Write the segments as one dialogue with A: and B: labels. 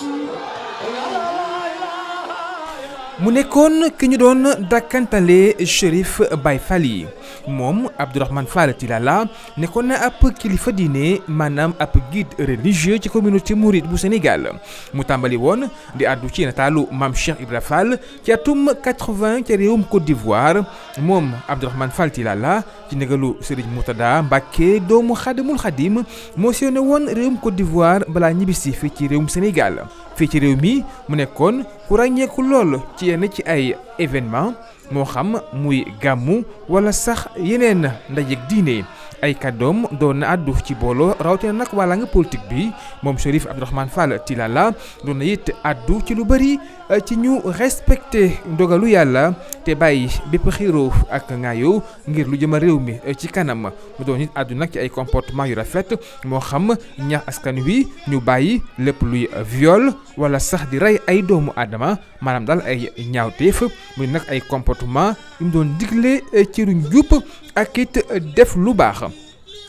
A: しい。mu nekkoon ki ñu doon dakkantale Chérif bay Fall Abdourahmane Fall Tilala nekkoon na ab kilifa diine maanaam ab guide religieux ci communauté mouride bu Sénégal mu tàmbali woon di addu ci nataalu mam Cheikh Ibra Fall ci atum 80 ca réewum Côte d'Ivoire moom Abdourahmane Fall Tilala ci négalu Serigne Moutada Mbacke doomu Xadimul Xadim moo woon réewum Côte d'Ivoire balaa ci Sénégal fii ci mi mu nekkoon ku ràññeeku lool ci yenn ci ay événement moo xam muy gàmmu wala sax yeneen ndajeg diine ay kàddoom doon na àddu ci booloo rawatina nag wàlla nga politique bi moom Chérif Abdourahmane Fall Tilala doon na it àddu ci lu bëri eh, ci ñu respecte dogalu yàlla te bàyyi bépp xiiroo ak ŋaayoo ngir lu jëma réew mi eh, ci kanam mu doon it àddu nag ci ay comportement yu rafet moo xam ñaax askan wi ñu bàyyi lépp luy viol wala sax di rey ay doomu aadama maanaam daal ay ñaawteef muy nag ay comportement yu mu doon digle eh, ci lu njub ak it def lu baax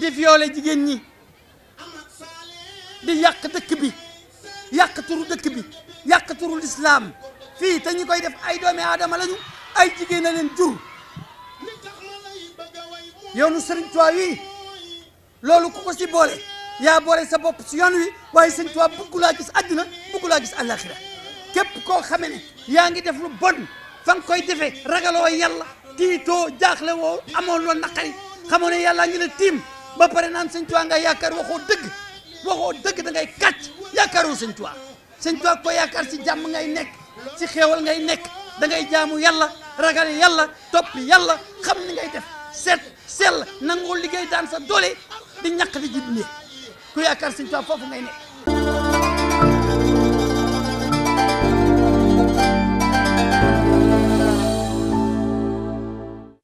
B: di violé jigéen ñi di yàq dëkk bi yàq turu dëkk bi yàq turu lislaam fii te koy def ay doomi aadama lañu ay jigéen a leen jur yoonu Sëriñ Tuubaa wi loolu ku ko si boole yaa boole sa bopp si yoon wi waaye Sëriñ Tuubaa bëggu laa gis àddina bëggu laa gis àllaaxira képp koo xame ne yaa ngi def lu bon fan koy defee ragaloo yàlla tiitoo jaaxle woo amoon loo naqari xamoo ne yàlla ngi la tiim ba pare naan sëñ Tuubaa nga yaakaar waxoo dëgg waxoo dëgg da ngay kàcc yaakaaroo sëñ Tuubaa sëñ Tuubaa ko yaakaar si jàmm ngay nekk si xéewal ngay nekk da ngay jaamu yàlla ragal yàlla topp yàlla xam ni ngay def seet sell nangoo liggéey daan sa doole di ñàq di jib ne ku yaakaar sëñ Tuubaa foofu ngay nekk